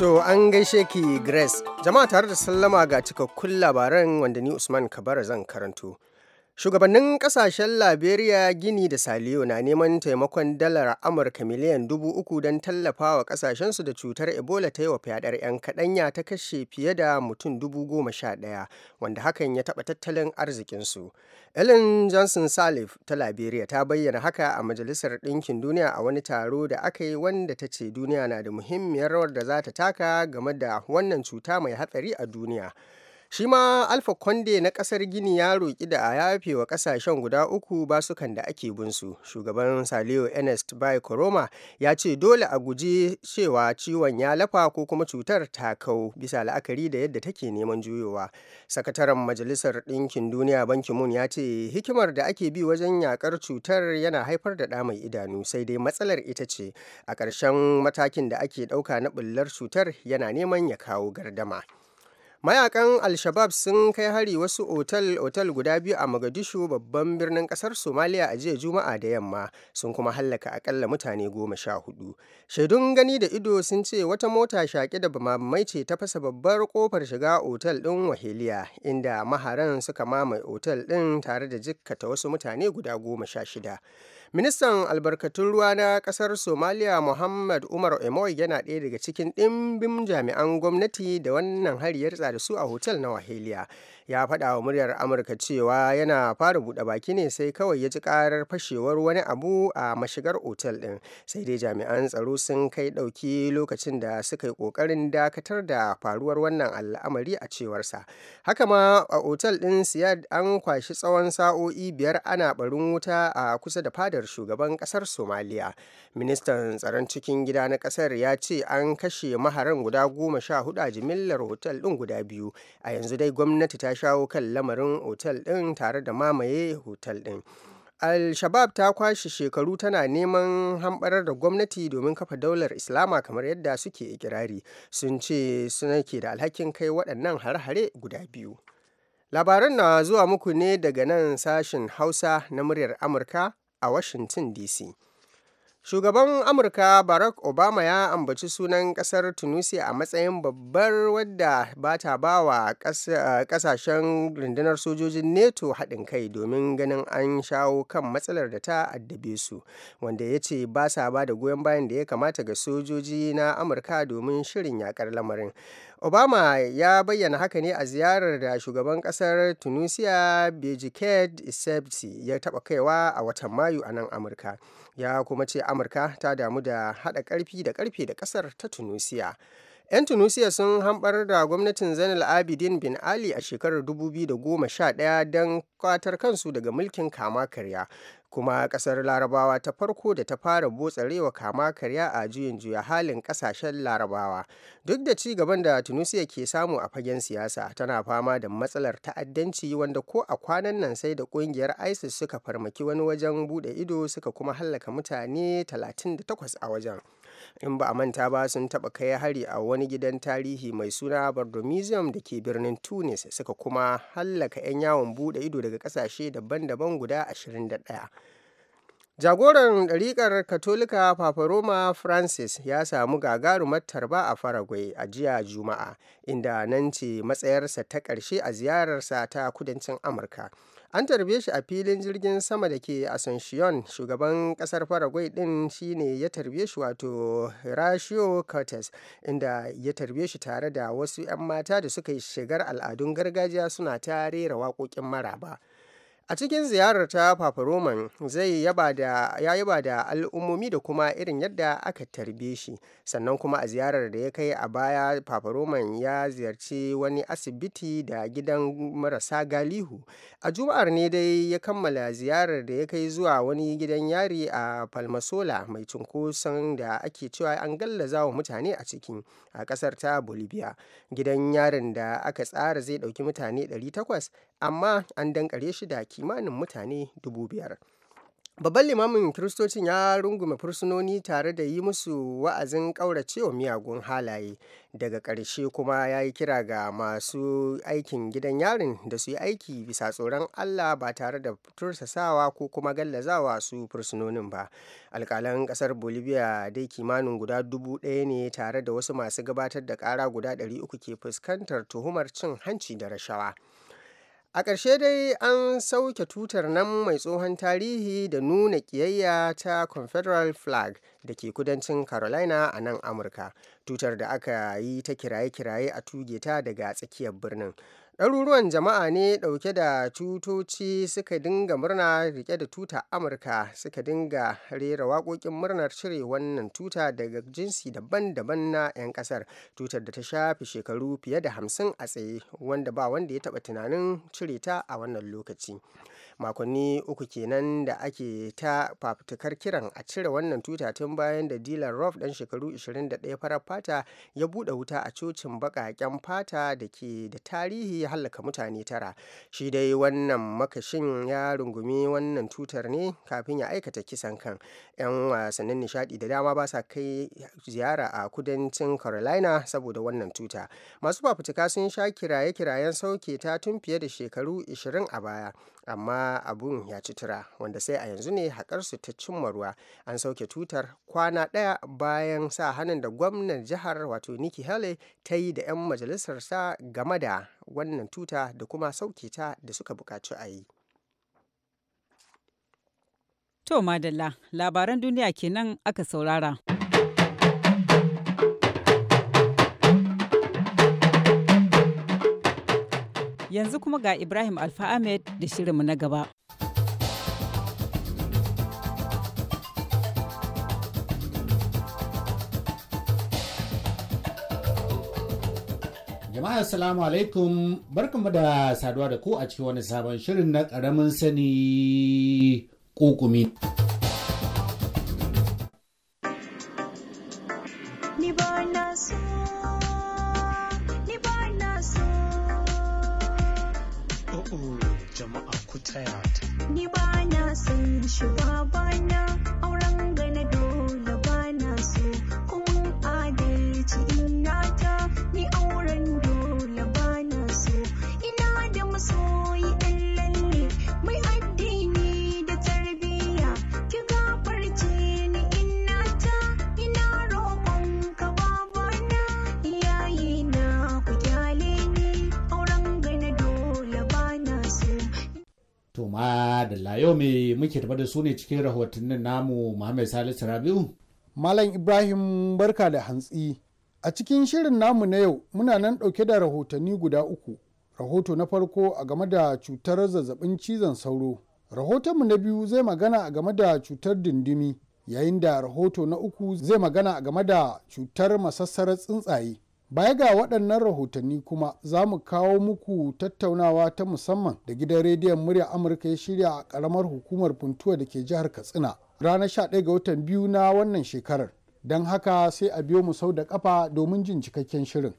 To an gaishe ki Grace. Jama'a tare da sallama ga cikakkun labaran wanda ni Usman Kabara zan karanto. Shugabannin ƙasashen Liberia, Gini da Saliyo na neman taimakon dalar Amurka miliyan dubu uku don tallafa wa ƙasashensu da cutar Ebola ta yi wa fyaɗar 'yan kaɗanya ta kashe fiye da mutum dubu goma sha ɗaya, wanda hakan ya taɓa tattalin arzikinsu. Ellen Johnson Salif ta Liberia ta bayyana haka a Majalisar Ɗinkin Duniya a wani taro da aka yi wanda ta ce duniya na da muhimmiyar rawar da za ta taka game da wannan cuta mai hatsari a duniya. shi ma alfa konde na kasar gini ya roƙi da a yafe wa kasashen guda uku basukan da ake su, shugaban salio ernest bai koroma ya ce dole a guji cewa ciwon ya lafa ko kuma cutar ta kau bisa la'akari da yadda take neman juyowa sakataren majalisar ɗinkin duniya banki mun ya ce hikimar da ake bi wajen yakar cutar yana haifar da ɗa mai idanu sai dai matsalar ita ce a ƙarshen matakin da ake ɗauka na ɓullar cutar yana neman ya kawo gardama. mayakan al-shabab sun kai hari wasu otal-otal guda biyu a mogadishu babban birnin kasar somaliya a jiya juma'a da yamma sun kuma hallaka akalla mutane goma sha hudu shaidun gani da ido sun ce wata mota shaƙe da bamamai ce ta fasa babbar kofar shiga otal din wahiliya inda maharan suka mamaye otal din tare da jikkata wasu mutane guda goma sha shida Ministan albarkatun ruwa na ƙasar Somaliya Mohammed Umar Emoy yana ɗaya daga cikin ɗimbin jami'an gwamnati da wannan hari ya da su a hotel na Wahiliya. Ya faɗa wa muryar Amurka cewa yana fara buɗe baki ne sai kawai ya ji ƙarar fashewar wani abu a mashigar otel ɗin. Sai dai jami'an tsaro sun kai ɗauki lokacin da suka yi ƙoƙarin dakatar da faruwar wannan al'amari a cewarsa. Haka ma a otel ɗin Siyad an kwashi tsawon sa'o'i biyar ana barin wuta a kusa da fadar shugaban kasar somaliya ministan tsaron cikin gida na kasar ya ce an kashe maharan guda goma sha hudu a jimillar otal din guda biyu a yanzu dai gwamnati ta shawo kan lamarin otal din tare da mamaye otal din al-shabab ta kwashe shekaru tana neman hamɓarar da gwamnati domin kafa daular islama kamar yadda suke ikirari sun ce suna ke da alhakin kai waɗannan har-hare guda biyu labaran na zuwa muku ne daga nan sashen hausa na muryar amurka a Washington DC. Shugaban Amurka Barack Obama ya ambaci sunan ƙasar Tunisia a matsayin babbar wadda ba ta ba wa kasashen eh, rundunar sojojin NATO haɗin kai domin ganin an shawo kan matsalar da ta addabe su, wanda ya ce ba sa ba da goyon bayan da ya kamata ga sojoji na Amurka domin shirin yakar lamarin. Obama ya bayyana haka ne a ziyarar da shugaban ƙasar Tunisia Bejiked Isebsi ya taɓa kaiwa a watan Mayu a nan Amurka. Ya kuma ce Amurka ta damu da haɗa karfi da karfe da ƙasar ta Tunisia. 'Yan Tunisia sun hambar da gwamnatin Zainal Abidin bin Ali a shekarar 2011 don kwatar kansu daga mulkin kama karya kuma kasar larabawa ta farko da ta fara botsarewa kama karya a juyin juya halin kasashen larabawa duk da ci gaban da tunisia ke samu a fagen siyasa tana fama da matsalar ta'addanci wanda ko a kwanan nan sai da kungiyar isis suka farmaki wani wajen bude ido suka kuma hallaka mutane 38 a wajen in ba a manta ba sun taɓa kai hari a wani gidan tarihi mai suna museum da ke birnin tunis suka kuma hallaka 'yan yawon bude ido daga kasashe daban-daban guda 21 jagoran ɗariƙar katolika papa roma francis ya samu gagarumar tarba a faragwai a jiya juma'a inda nan ce matsayarsa ta ƙarshe a ziyararsa ta kudancin amurka an tarbe shi a filin jirgin sama da ke asunshiyon shugaban kasar faragwai din shine ya tarbe shi wato ratio cortes inda ya tarbe shi tare da wasu 'yan mata da suka yi shigar al'adun gargajiya suna ta rera waƙoƙin maraba. A cikin ziyarar ta Papa Roman zai yaba da ya yaba da al'ummomi da kuma irin yadda aka tarbe shi. Sannan kuma a ziyarar da ya kai a baya Papa Roman ya ziyarci wani asibiti da gidan marasa galihu. A Juma'ar ne dai ya kammala ziyarar da ya kai zuwa wani gidan yari a Palmasola mai cunkoson da ake cewa an gallaza wa mutane a ciki. a kasar ta bolivia gidan yarin da aka tsara zai ɗauki mutane 800 amma an dankare shi da kimanin mutane 5,000 Babban limamin Kiristocin ya rungume fursunoni tare da yi musu wa'azin ƙauracewa miyagun halaye, daga ƙarshe kuma ya yi kira ga masu aikin gidan yarin da su yi aiki bisa tsoron Allah ba tare da tursasawa ko kuma gallazawa su fursunonin ba. Alƙalan ƙasar Bolivia dai kimanin guda dubu ɗaya ne tare da wasu masu gabatar da ƙara guda ɗari uku ke fuskantar tuhumar cin hanci da rashawa. A ƙarshe dai an sauke tutar nan mai tsohon tarihi da nuna ƙiyayya ta Confederal flag da ke kudancin Carolina a nan Amurka, tutar da aka yi ta kiraye-kiraye a tuge ta daga tsakiyar birnin. Ɗaruruwan jama'a ne ɗauke da tutoci suka dinga murna rike da tuta Amurka suka dinga rera waƙoƙin murnar cire wannan tuta daga jinsi daban-daban na 'yan ƙasar, tutar da ta shafi shekaru fiye da hamsin a tsaye wanda ba wanda ya taɓa tunanin cire ta a wannan lokaci. makonni uku kenan da ake ta fafutukar kiran a cire wannan tuta tun bayan da dilan rof dan shekaru 21 farar fata ya bude wuta a cocin baƙaƙen fata da ke da tarihi hallaka mutane tara shi dai wannan makashin ya rungumi wannan tutar ne kafin ya aikata kisan kan 'yan wasannin nishadi da dama ba sa kai ziyara a kudancin carolina saboda wannan tuta masu fafutuka sun sha kiraye-kirayen sauke ta tun fiye da shekaru 20 a baya amma abun ya ci tura wanda sai a yanzu ne haƙarsu ta cimma ruwa an sauke tutar kwana ɗaya bayan sa hannun da gwamnan jihar wato nikki haley ta yi da 'yan majalisarsa game da wannan tuta da kuma sauke ta da suka buƙaci a yi to madalla labaran duniya kenan aka saurara. Yanzu kuma ga Ibrahim Alfa Ahmed da shirinmu na gaba. jama'a salamu alaikum barkanmu da saduwa da ku a cikin wani sabon shirin na ƙaramin sani kokumi. To ma da layo me muke tafa da su ne cikin rahotannin namu Muhammad Salisu Rabiu. Malam Ibrahim barka da hantsi. A cikin shirin namu na yau muna nan ɗauke da rahotanni guda uku. Rahoto na farko a game da cutar zazzabin cizon sauro. Rahotonmu na biyu zai magana a game da cutar dindimi yayin da rahoto na uku zai magana a game da cutar masassarar tsuntsaye. Baya ga waɗannan rahotanni kuma za mu kawo muku tattaunawa ta musamman da gidan rediyon murya Amurka ya shirya a ƙaramar hukumar puntuwa da ke jihar Katsina ranar ɗaya ga watan biyu na wannan shekarar. Don haka sai a biyo mu sau da ƙafa domin jin cikakken shirin.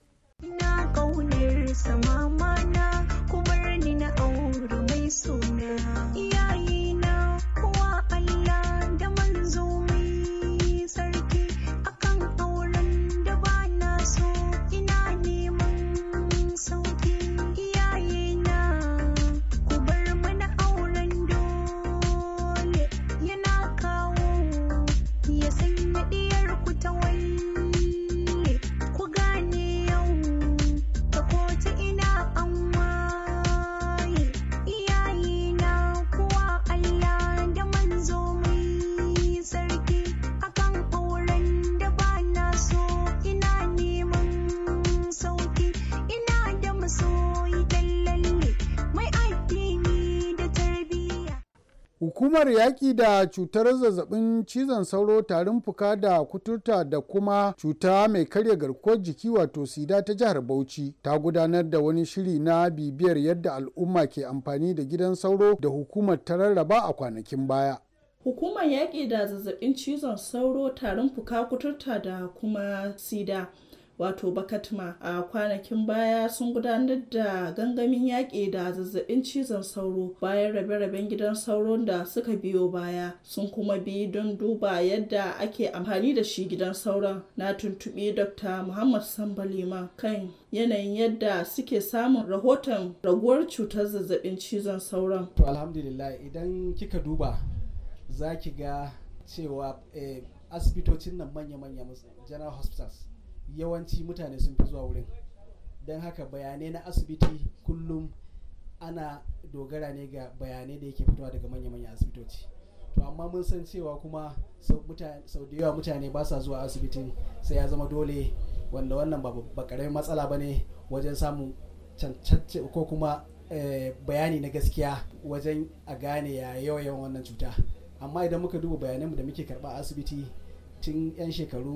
hukumar yaƙi da cutar zazzabin cizon sauro tarin fuka da kuturta da kuma cuta mai karya garkuwar jiki wato sida ta jihar bauchi ta gudanar da wani shiri na bibiyar yadda al'umma ke amfani da gidan sauro da hukumar ta rarraba a kwanakin baya hukumar yaƙi da zazzabin cizon sauro tarin fuka kuturta da kuma sida wato bakatma a kwanakin baya sun gudanar da gangamin yaƙi da zazzabin cizon sauro bayan rabe-raben gidan sauron da suka biyo baya sun kuma bi don duba yadda ake amfani da shi gidan sauron na tuntuɓi dr muhammad sambalima kan yanayin yadda suke samun rahoton raguwar cutar zazzabin cizon sauron to alhamdulillah idan kika duba za ki ga cewa eh, asibitocin nan manya-manya general hospitals yawanci mutane sun fi zuwa wurin don haka bayanai na asibiti kullum ana dogara ne ga bayanai da yake fitowa daga manya-manyan asibitoci to amma mun san cewa kuma sau da yawa mutane ba sa zuwa asibitin sai ya zama dole wanda wannan ba karamin matsala ba ne wajen samun cancance ko kuma eh, bayani na gaskiya wajen a gane ya yawan wannan cuta amma idan muka duba mu da muke karba asibiti tun 'yan shekaru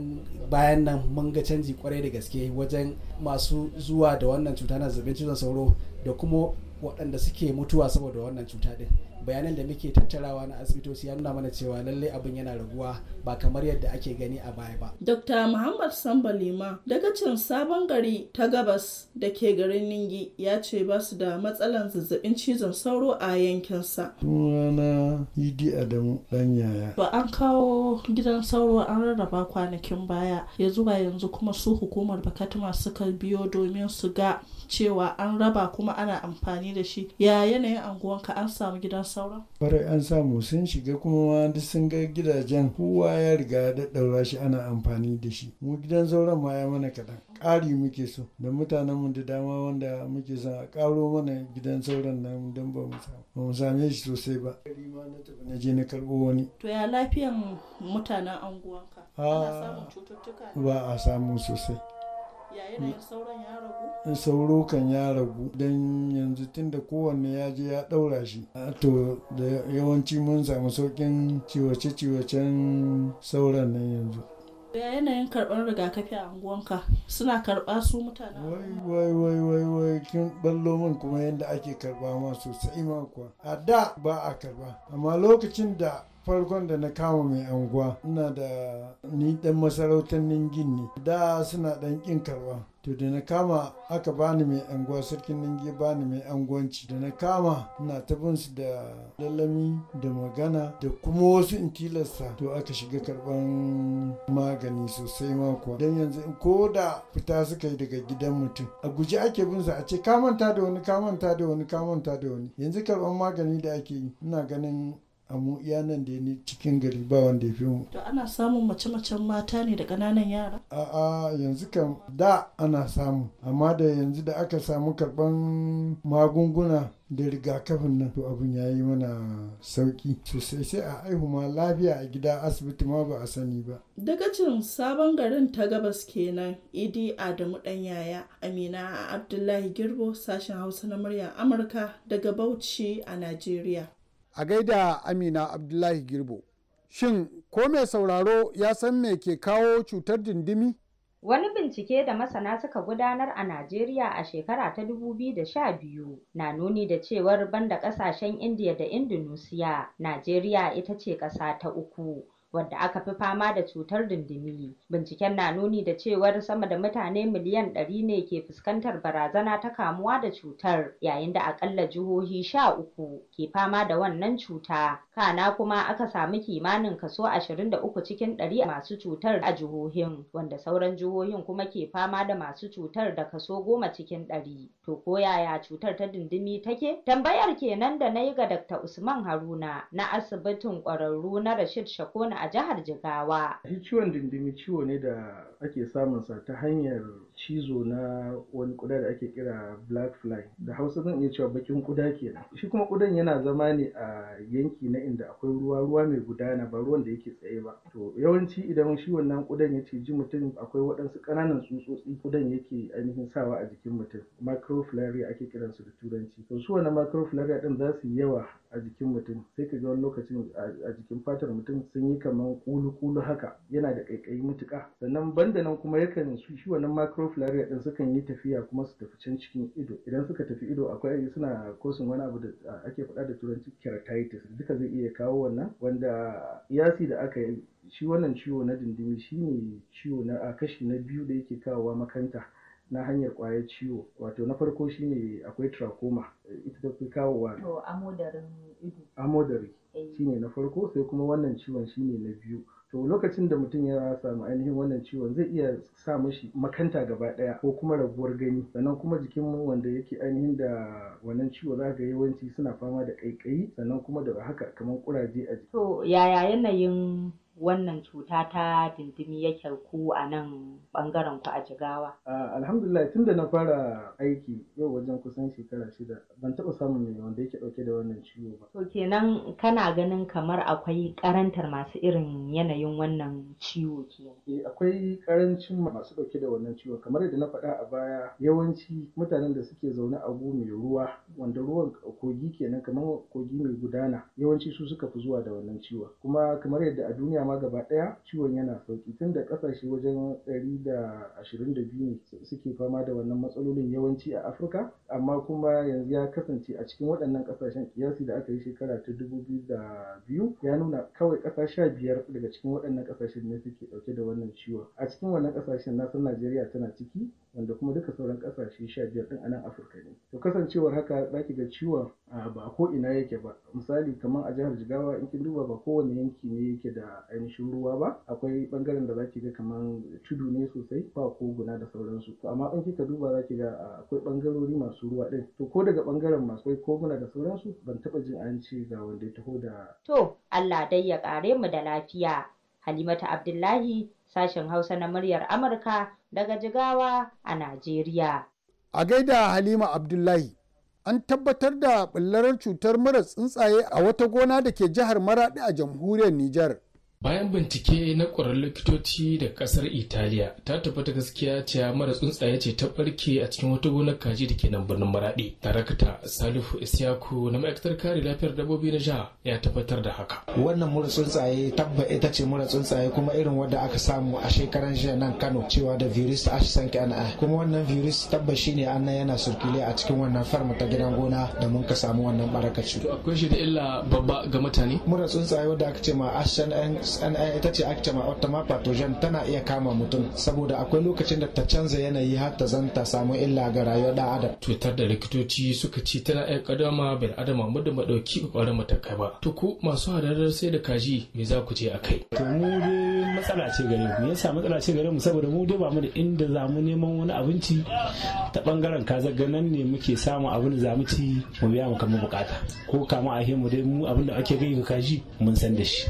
bayan nan mun ga canji kwarai da gaske wajen masu zuwa da wannan cuta na zazzabin cizon sauro da kuma waɗanda suke mutuwa saboda wannan cuta din bayanan da muke tattarawa na asibitoci ya nuna mana cewa lallai abin yana raguwa ba kamar yadda ake gani a baya ba. Dr. Muhammad sambalima Lima daga can sabon gari ta gabas da ke garin Ningi ya ce ba su da matsalan zazzabin cizon sauro a yankinsa. Sunana Idi Adamu dan yaya. Ba an kawo gidan sauro an rarraba kwanakin baya ya zuwa yanzu kuma su hukumar Bakatuma suka biyo domin su ga cewa an raba kuma ana amfani da shi ya yanayin anguwanka an samu gidan saura kwarai an samu sun shiga kuma duk sun ga gidajen kowa ya riga da daura shi ana amfani da shi mu gidan sauran ma ya mana kaɗan ƙari muke so da mutanen mu da dama wanda muke son a ƙaro mana gidan sauran nan don ba mu samu ba mu same shi sosai ba na je na karɓo wani to ya lafiyan mutanen anguwanka ana samun cututtuka ba a samu sosai sauro kan ya ragu don yanzu tun da kowanne ya je ya ɗaura shi to da yawanci mun samu saukin ciwace-ciwacen sauran nan yanzu yanayin karɓar rigakafi a unguwanka suna karɓa su mutane wai wai wai wai wai kin ballo min kuma yadda ake karɓa ma sosai ma kuwa a da ba a karɓa amma lokacin da farkon da na kama mai anguwa ina da ni dan masarautar ningin ne da suna dan kin karba to da na kama aka bani mai anguwa sarkin ningi bani mai anguwanci da na kama ina ta su da lalami da magana da kuma wasu in tilasta to aka shiga karban magani sosai ma don yanzu ko da fita suka yi daga gidan mutum a guji ake bin su a ce kamanta da wani kamanta da wani kamanta da wani yanzu karban magani da ake yi ina ganin amma iya nan da ni cikin gari ba wanda ya fi mu to ana samun mace-macen mata ne da ƙananan yara a'a yanzu kam da ana samu amma da yanzu da aka samu karɓan magunguna da rigakafin nan to abin ya yi mana sauki sosai sai a aihu ma lafiya a gida asibiti ma ba a sani ba dagacin sabon garin ta gabas kenan idi adamu dan yaya amina abdullahi girbo sashen hausa na murya amurka daga bauchi a najeriya a gaida amina abdullahi girbo shin ko mai sauraro ya san me ke kawo cutar dindimi Wani bincike da masana suka gudanar a Najeriya a shekara ta 2012 na nuni da cewar banda kasashen Indiya da Indunusiya, Najeriya ita ce kasa ta uku wadda aka fi fama da cutar dindimi Binciken na nuni da cewar sama da mutane miliyan ɗari ne ke fuskantar barazana ta kamuwa da cutar, yayin da aƙalla jihohi sha uku ke fama da wannan cuta. kana kuma aka samu kimanin kaso 23 cikin 100 masu cutar a jihohin wanda sauran jihohin kuma ke fama da masu cutar da kaso 10 cikin 100 to ko yaya cutar ta dindimi take tambayar kenan da na yi ga Dr. Usman Haruna na asibitin kwararru na Rashid Shakona a jihar Jigawa ciwon dindimi ciwo ne da ake samun sa ta hanyar cizo na wani ƙuda da ake kira black fly da hausa zan iya cewa baƙin ƙuda kenan shi kuma ƙudan yana zama ne a yanki na inda akwai ruwa ruwa mai gudana ba ruwan da yake tsaye ba to yawanci idan shi wannan ƙudan ya ciji mutum akwai waɗansu ƙananan tsutsotsi ƙudan yake ainihin sawa a jikin mutum microflaria ake kiransu da turanci to su wannan microflaria ɗin za su yi yawa a jikin mutum sai ka ga wani lokacin a jikin fatar mutum sun yi kaman kulu-kulu haka yana da ƙaiƙayi mutuƙa sannan banda nan kuma yakan shi wannan micro filariya din sukan yi tafiya kuma su tafi can cikin ido idan suka tafi ido akwai suna kosin wani abu da ake faɗa da turanci keratitis duka zai iya kawo wannan wanda iyasi da aka yi shi wannan ciwo na dindimi shine ciwo na kashi na biyu da yake kawowa makanta na hanyar kwayar ciwo wato na farko shine akwai trachoma ita ta fi kawowa to amodarin ido amodari eh. shine na farko sai kuma wannan ciwon shine na biyu to lokacin da mutum ya samu ainihin wannan ciwon zai iya sa mashi makanta gaba daya ko kuma rabuwar gani sannan kuma jikin wanda yake ainihin da wannan ciwo za ga yawanci suna fama da kaikayi sannan kuma da haka kamar kuraje a jiki to yaya yanayin wannan cuta ta dindimi ya ku a nan bangaren ku a jigawa? Alhamdulillah tun da na fara aiki yau wajen kusan shekara shida ban taɓa samun mai wanda yake ɗauke da wannan ciwo ba. To kenan kana ganin kamar akwai karantar masu irin yanayin wannan ciwo kenan? Eh, akwai karancin masu ɗauke da wannan ciwo kamar yadda na faɗa a baya yawanci mutanen da suke zaune a gu mai ruwa wanda ruwan kogi kenan kamar kogi mai gudana yawanci su suka fi zuwa da wannan ciwon kuma kamar yadda a duniya duniya ma gaba ɗaya ciwon yana sauki tun da ƙasashe wajen 122 ne suke fama da wannan matsalolin yawanci a afirka amma kuma yanzu ya kasance a cikin waɗannan ƙasashen kiyasi da aka yi shekara ta 2002 ya nuna kawai ƙasa sha biyar daga cikin waɗannan ƙasashen ne suke ɗauke da wannan ciwon a cikin wannan ƙasashen na najeriya tana ciki wanda kuma duka sauran kasashe sha biyar din a nan afirka ne to kasancewar haka za ki ga ciwon ba ko ina yake ba misali kamar a jihar jigawa in kin duba ba kowane yanki ne yake da ainihin ruwa ba akwai bangaren da za ki ga kamar tudu ne sosai ba koguna da sauransu to amma in kika duba za ki ga akwai bangarori masu ruwa din to ko daga bangaren masu akwai koguna da sauransu ban taba jin an ce ga wanda ya taho da to Allah dai ya kare mu da lafiya Halimatu Abdullahi sashen Hausa na muryar Amurka daga Jigawa a Najeriya. A gaida Halima Abdullahi, an tabbatar da ɓullar cutar mura tsuntsaye a wata gona da ke jihar Maraɗi a jamhuriyar Nijar. bayan bincike na ƙwararrun likitoci da ƙasar italiya ta tabbata gaskiya cewa mara tsuntsaye ce ta ɓarke a cikin wata gonar kaji da ke nan birnin maraɗi tarakta salihu isyaku na ma'aikatar kare lafiyar dabbobi na jiha ya tabbatar da haka wannan mura tsuntsaye tabba ita ce mura tsuntsaye kuma irin wadda aka samu a shekaran jiya nan kano cewa da virus h 5 kuma wannan virus tabba shine an yana surkile a cikin wannan farma ta gidan gona da mun ka samu wannan barakaci akwai shi da illa babba ga mutane mura tsuntsaye wadda aka ce ma h HNI eh, ita ce ma pathogen tana iya kama mutum saboda akwai lokacin da ta canza yanayi har ta zanta samu illa ga rayuwar da adam. Cutar da likitoci suka ci tana iya kadama bil adama muddin ba ɗauki mata matakai ba. To ku masu hadarar sai da kaji me za ku je a kai? To mu dai matsala ce gare mu. ya yasa matsala ce gare mu saboda mu dai ba mu da inda za mu neman wani abinci ta bangaren kaza ganan ne muke samu abin da za mu ci mu biya mu kamar bukata. Ko kama a mu dai mu abin da ake ga kaji mun san da shi.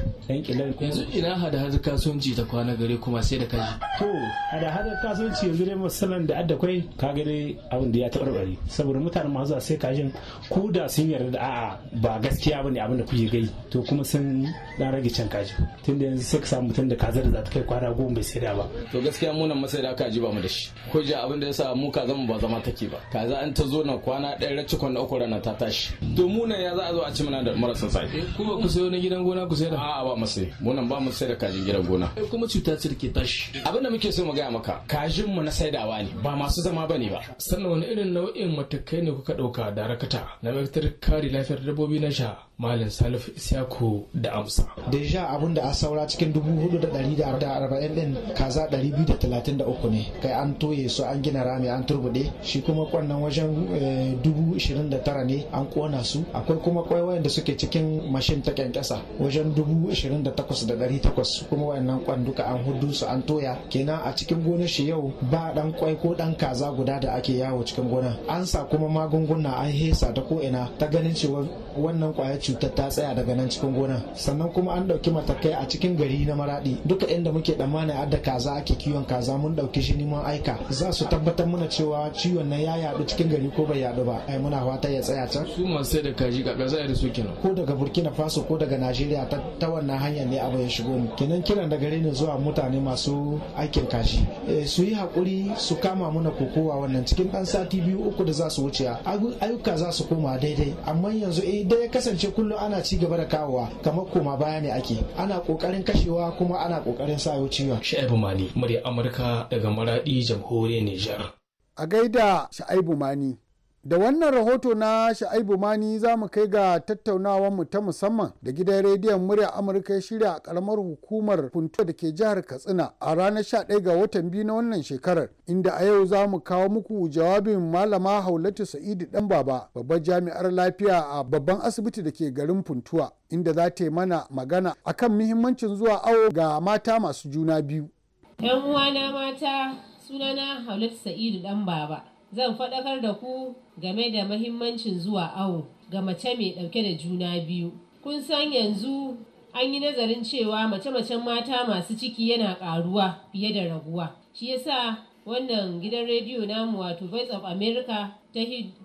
yanzu ina hada hada kasuwanci ta kwana gare kuma sai da kaji to hada hada kasuwanci yanzu dai masalan da adda kwai ka ga dai abin da ya tabarbare saboda mutane masu sai kajin ko da sun yarda da a'a ba gaskiya bane abin da kuke gai to kuma sun dan rage can kaji tunda yanzu sai ka samu mutum da kazar da za ta kai kwana goma bai saida ba to gaskiya munan masaida kaji ba mu da shi ko ja abin da yasa mu kaza mu ba zama take ba kaza an ta zo na kwana ɗaya race kwana uku rana ta tashi to munan ya za a zo a ci mana da marasa sai eh, ku ba ku sayo na gidan gona ku saida a'a ba mu sai wannan ba mu sai da kajin gidan gona kuma cuta ce ke tashi abinda muke so mu gaya maka kajin mu na saidawa ne ba masu zama bane ba sannan wani irin nau'in matakai ne kuka dauka da rakata na maitar kare lafiyar dabbobi na sha Malam Salif Isyaku da amsa. Deja abun da a saura cikin arba'in din kaza 233 ne. Kai an toye su an gina rami an turbude shi kuma kwannan wajen eh, tara ne an kona su. Akwai kuma kwai wayanda suke cikin mashin ta kyankyasa wajen 28,800 kuma wayannan kwan duka an hudu su an toya. Kenan a cikin gonar shi yau ba dan kwai ko dan kaza guda da ake yawo cikin gona. An sa kuma magunguna an hesa ta ko ina ta ganin cewa wannan kwaya cutar ta tsaya daga nan cikin gona sannan kuma an ɗauki matakai a cikin gari na maradi. duka inda muke tsammanin adda kaza ake kiwon kaza mun ɗauki shi neman aika za su tabbatar mana cewa ciwon nan ya yaɗu cikin gari ko bai yaɗu ba ai muna fata ya tsaya can su masu sai da kaji ga za a da su ko daga burkina faso ko daga najeriya ta wannan hanyar ne abu ya shigo mu kenan kiran da gare ni zuwa mutane masu aikin kaji eh, su yi hakuri su kama mana kokowa wannan cikin ɗan sati biyu uku da za su wuce ayyuka za su koma daidai amma yanzu eh, dai ya kasance kullum ana ci gaba da kawowa kamar koma baya ne ake ana kokarin kashewa kuma ana kokarin sayo ciwon sha'ibu mali murya amurka daga maradi jamhuriyar nijar a gaida sha'ibu mani Da wannan rahoto na Sha'aibu Mani za mu kai ga tattaunawar mu ta musamman da gidan rediyon murya Amurka ya shirya a karamar hukumar Funtuwa da ke jihar Katsina a ranar 11 ga watan biyu na wannan shekarar inda a yau za mu kawo muku jawabin malama Haulatu Sa'idu dan baba babbar jami'ar lafiya a babban asibiti da ke garin Funtuwa inda za ta yi mana magana akan muhimmancin zuwa awo ga mata masu juna biyu. 'Yan uwana mata sunana Haulatu Sa'idu dan baba. zan faɗakar da ku game da mahimmancin zuwa awo ga mace mai ɗauke da juna biyu. Kun san yanzu an yi nazarin cewa mace-macen mata masu ciki yana ƙaruwa fiye da raguwa. Shi yasa wannan gidan rediyo namu wato Voice of America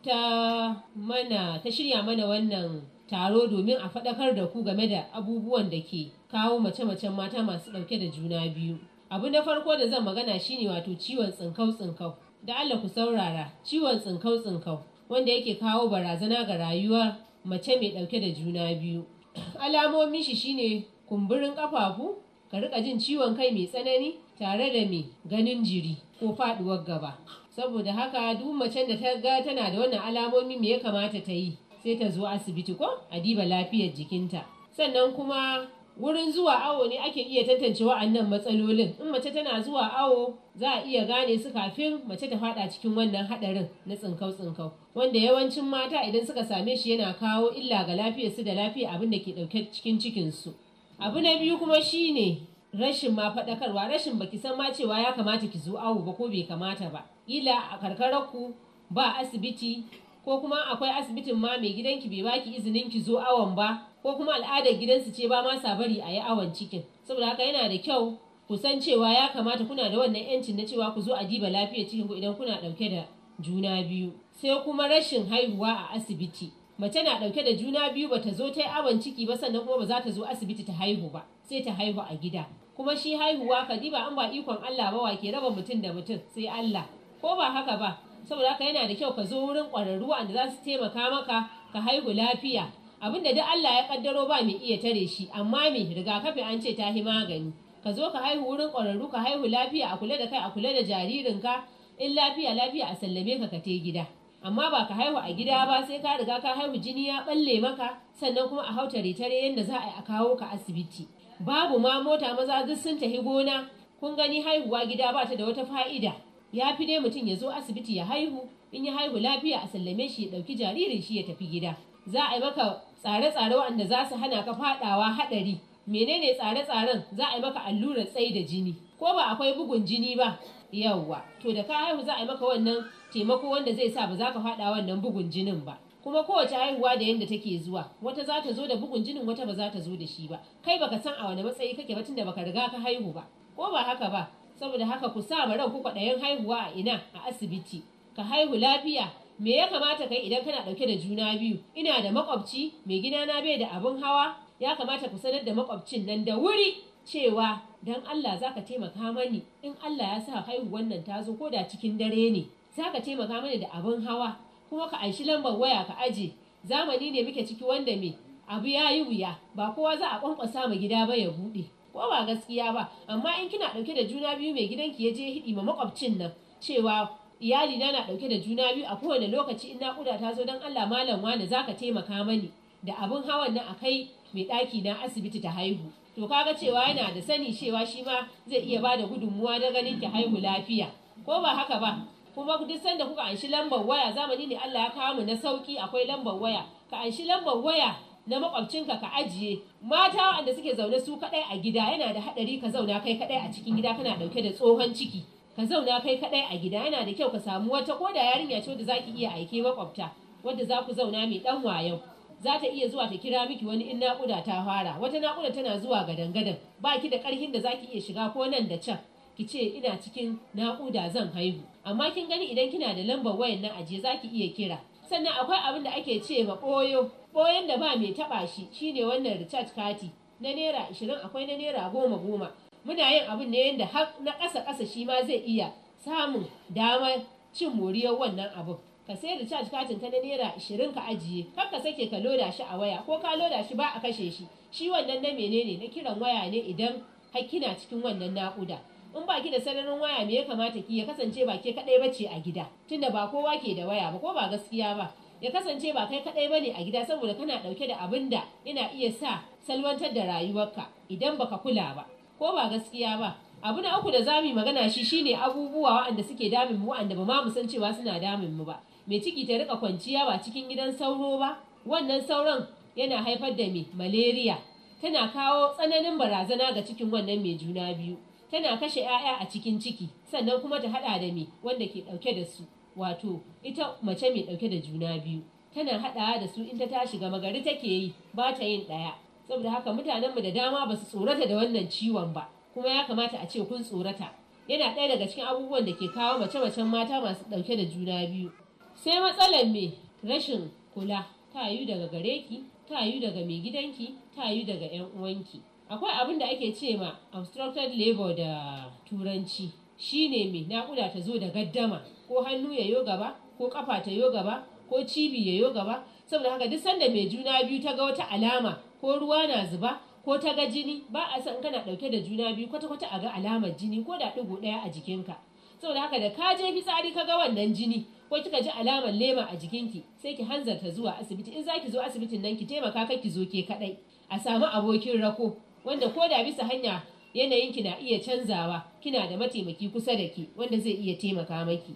ta, mana, ta shirya mana wannan taro domin a faɗakar da ku game da abubuwan da ke kawo mace-macen mata masu ɗauke da juna biyu. Abu na farko da zan magana shine wato ciwon tsinkau-tsinkau. da Allah ku saurara ciwon tsinkau tsinkau wanda yake kawo barazana ga rayuwa mace mai ɗauke da juna biyu alamomin shi shine kumburin ƙafafu ka rika jin ciwon kai mai tsanani tare da mai ganin jiri ko faɗuwar gaba saboda haka duk macen da ta ga tana da wannan alamomi me ya kamata ta yi sai ta zo asibiti ko a diba lafiyar jikinta sannan kuma wurin zuwa awo ne ake iya tantance wa'annan matsalolin in mace tana zuwa awo za a iya gane su kafin mace ta fada cikin wannan hadarin na tsinkau tsinkau wanda yawancin mata idan suka same shi yana kawo illa ga lafiyar su da lafiyar abin da ke dauke cikin cikin su abu na biyu kuma shine rashin ma faɗakarwa rashin baki san ma cewa ya kamata ki zo awo ba ko bai kamata ba ila a karkarar ku ba asibiti ko kuma akwai asibitin ma mai gidanki bai baki izinin ki zo awon ba ko kuma al'adar gidansu ce ba ma sa bari a yi awon cikin saboda haka yana da kyau ku san cewa ya kamata kuna da wannan yancin na cewa ku zo a diba lafiyar cikin ku idan kuna ɗauke da juna biyu sai kuma rashin haihuwa a asibiti mace na dauke da juna biyu bata zo ta yi awon ciki ba sannan kuma ba za ta zo asibiti ta haihu ba sai ta haihu a gida kuma shi haihuwa ka diba an ba ikon Allah ba wa ke raba mutum da mutum sai Allah ko ba haka ba saboda haka yana da kyau ka zo wurin kwararru wanda za su taimaka maka ka haihu lafiya abin da duk Allah ya kaddaro ba mai iya tare shi amma me rigakafi an ce ta hi magani ka zo ka haihu wurin ƙwararru ka haihu lafiya a kula da kai a kula da jaririnka in lafiya lafiya a sallame ka ka te gida amma ba ka haihu a gida ba sai ka riga ka haihu jini ya balle maka sannan kuma a hau tare tare yadda za a yi a kawo ka asibiti babu ma mota maza duk sun tafi gona kun gani haihuwa gida ba ta da wata fa'ida ya fi dai mutum ya zo asibiti ya haihu in ya haihu lafiya a sallame shi ya ɗauki jaririn shi ya tafi gida za a yi maka tsare-tsare waɗanda za su hana ka faɗawa haɗari menene tsare-tsaren za a yi maka allurar tsaida da jini ko ba akwai bugun jini ba yawwa to da ka haihu za a yi maka wannan taimako wanda zai sa ba za ka faɗa wannan bugun jinin ba kuma kowace haihuwa da yadda take zuwa wata za ta zo da bugun jinin wata ba za ta zo da shi ba kai baka san a wani matsayi kake ba tunda baka riga ka haihu ba ko ba haka ba saboda haka ku sa ma ranku kwaɗayin haihuwa a ina a asibiti ka haihu lafiya me ya kamata kai idan kana ɗauke da juna biyu ina da makwabci mai gida na bai da abin hawa ya kamata ku sanar da makwabcin nan da wuri cewa dan Allah zaka taimaka mani in Allah ya sa haihuwar nan ta zo ko da cikin dare ne zaka taimaka mani da abin hawa kuma ka aishi lambar waya ka aje zamani ne muke ciki wanda me abu ya yi wuya ba kowa za a kwankwasa ma gida ba ya buɗe ko ba gaskiya ba amma in kina ɗauke da juna biyu mai gidanki ya je hiɗi ma makwabcin nan cewa iyali na na dauke da juna biyu a kowane lokaci in naƙuda ta zo don Allah malam wani ka taimaka mani da abin hawan nan kai mai ɗaki na asibiti ta haihu to kaga cewa yana da sani cewa shi ma zai iya bada gudunmuwa na ganin ki haihu lafiya ko ba haka ba kuma duk sanda kuka anshi lambar waya zamani ne Allah ya kawo mu na sauki akwai lambar waya ka anshi lambar waya na makwabcinka ka ajiye mata waɗanda suke zaune su kaɗai a gida yana da haɗari ka zauna kai kaɗai a cikin gida kana ɗauke da tsohon ciki ka zauna kai kaɗai a gida yana da kyau ka samu wata ko da yarinya ce wadda za ki iya aike makwabta wadda za ku zauna mai dan wayo za ta iya zuwa ta kira miki wani in naƙuda ta fara wata naƙuda tana zuwa ga dangadan ba ki da ƙarfin da za ki iya shiga ko nan da can ki ce ina cikin naƙuda zan haihu amma kin gani idan kina da lambar wayan nan ajiye za ki iya kira sannan akwai abin da ake ce ma ɓoyo ɓoyon da ba mai taɓa shi shine wannan recharge kati na naira ashirin akwai na naira goma goma muna yin abin ne yadda har na ƙasa ƙasa shi ma zai iya samun damar cin moriyar wannan abin ka sayar da caji katin ka na naira ashirin ka ajiye kar ka sake ka loda shi a waya ko ka loda shi ba a kashe shi shi wannan na menene na kiran waya ne idan hakkina cikin wannan naƙuda in ba ki da sararin waya me ya kamata ki ya kasance ba ke kaɗai bace a gida tunda ba kowa ke da waya ba ko ba gaskiya ba ya kasance ba kai kaɗai ba ne a gida saboda kana ɗauke da abin da yana iya sa salwantar da rayuwarka idan baka kula ba ko ba gaskiya ba abu na uku da za mu magana shi shine abubuwa waɗanda suke damin mu waɗanda ba ma mu san cewa suna damin mu ba mai ciki ta rika kwanciya ba cikin gidan sauro ba wannan sauran yana haifar da me malaria tana kawo tsananin barazana ga cikin wannan mai juna biyu tana kashe 'ya'ya a cikin ciki sannan kuma ta hada da me wanda ke dauke da su wato ita mace mai dauke da juna biyu tana hadawa da su in ta tashi gama gari take yi ba ta yin daya saboda haka mutanen mu da dama ba su tsorata da wannan ciwon ba kuma ya kamata a ce kun tsorata yana ɗaya daga cikin abubuwan da ke kawo mace-macen mata masu ɗauke da juna biyu sai matsalar me rashin kula ta yi daga gare ki ta yi daga mai gidanki ta yi daga 'yan uwanki akwai abin da ake ce ma obstructed labor da turanci shine mai naƙuda ta zo da gaddama ko hannu ya yo gaba ko kafa ta yo gaba ko cibi ya yo gaba saboda haka duk sanda mai juna biyu ta ga wata alama ko ruwa na zuba ko ta ga jini ba a san kana dauke da juna biyu kwata kwata a ga alamar jini ko da digo ɗaya a jikinka saboda haka da ka je fitsari ka ga wannan jini ko kika ji alamar lema a jikinki sai ki hanzarta zuwa asibiti in za ki zo asibitin nan ki taimaka ka ki zo ke kadai a samu abokin rako wanda ko da bisa hanya yanayinki na iya canzawa kina da mataimaki kusa da ki wanda zai iya taimaka maki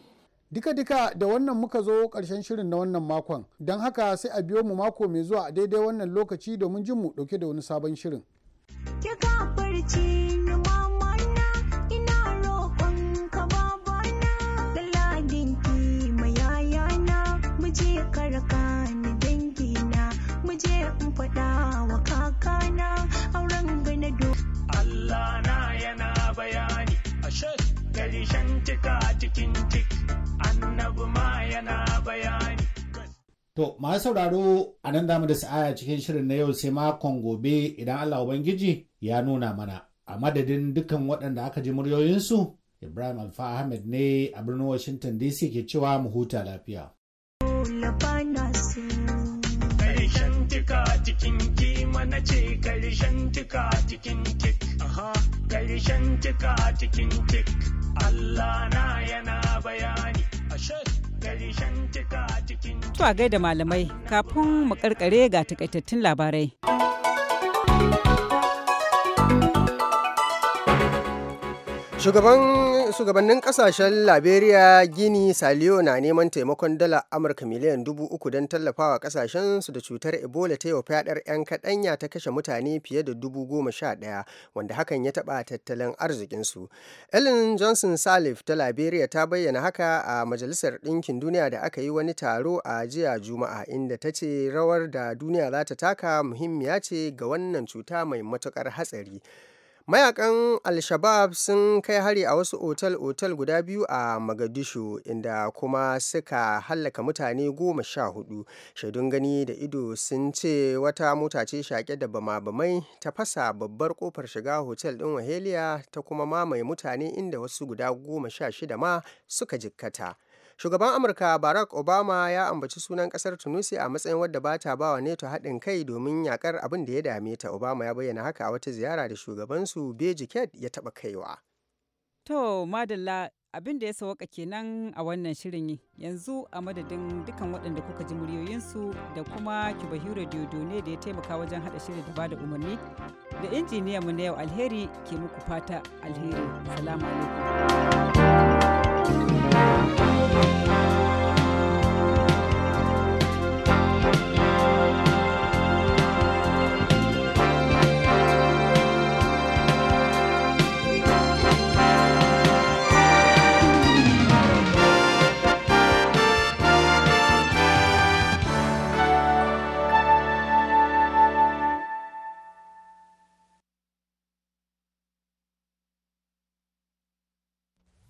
Dika-dika da wannan muka zo ƙarshen shirin na wannan makon, don haka sai a biyo mu mako mai zuwa a daidai wannan lokaci domin jin mu ɗauke da wani sabon shirin. Allah na yana bayani, ashe, gari shan cika cikin ciki. To, masu sauraro a nan damu da sa'aya cikin shirin na yau sai makon gobe idan Allah Ubangiji ya nuna mana. A madadin dukan waɗanda aka ji muryoyinsu, Ibrahim Alfa Ahmed ne a birnin Washington DC ke cewa mu huta lafiya. Karshen cikin kima ce Karshen cikin Allah na yana bayani. tuwa gai gaida malamai kafin mu karkare ga takaitattun labarai. Shugaban shugabannin kasashen liberia gini saliyo na neman taimakon dala amurka miliyan dubu uku don tallafawa kasashen su da cutar ebola ta yau fadar 'yan kaɗanya ta kashe mutane fiye da dubu goma sha ɗaya wanda hakan ya taɓa tattalin arzikinsu ellen johnson salif ta liberia ta bayyana haka a majalisar ɗinkin duniya da aka yi wani taro a jiya juma'a inda ta ce rawar da duniya za ta taka muhimmiya ce ga wannan cuta mai matukar hatsari mayakan al-shabab sun kai hari a wasu otal-otal guda biyu a magadishu inda kuma suka hallaka mutane goma sha hudu shaidun gani da ido sun ce wata mota ce shaƙe da bama-bamai ta fasa babbar kofar shiga hotel din wahelia ta kuma mamaye mutane inda wasu guda goma sha shida ma suka jikkata Shugaban Amurka Barack Obama ya ambaci sunan kasar Tunisia a matsayin wadda ba ta bawa neto haɗin kai domin yakar abin da ya dame ta. Obama ya bayyana haka a wata ziyara da shugabansu Beji Ked ya taɓa kaiwa. To, madalla abin da ya sawaka kenan a wannan shirin yanzu a madadin dukan waɗanda kuka ji muryoyinsu da kuma kibahiro ne da ya taimaka wajen haɗa shirin da bada umarni da injiniya mu na yau alheri ke muku fata alheri salamu alaikum Música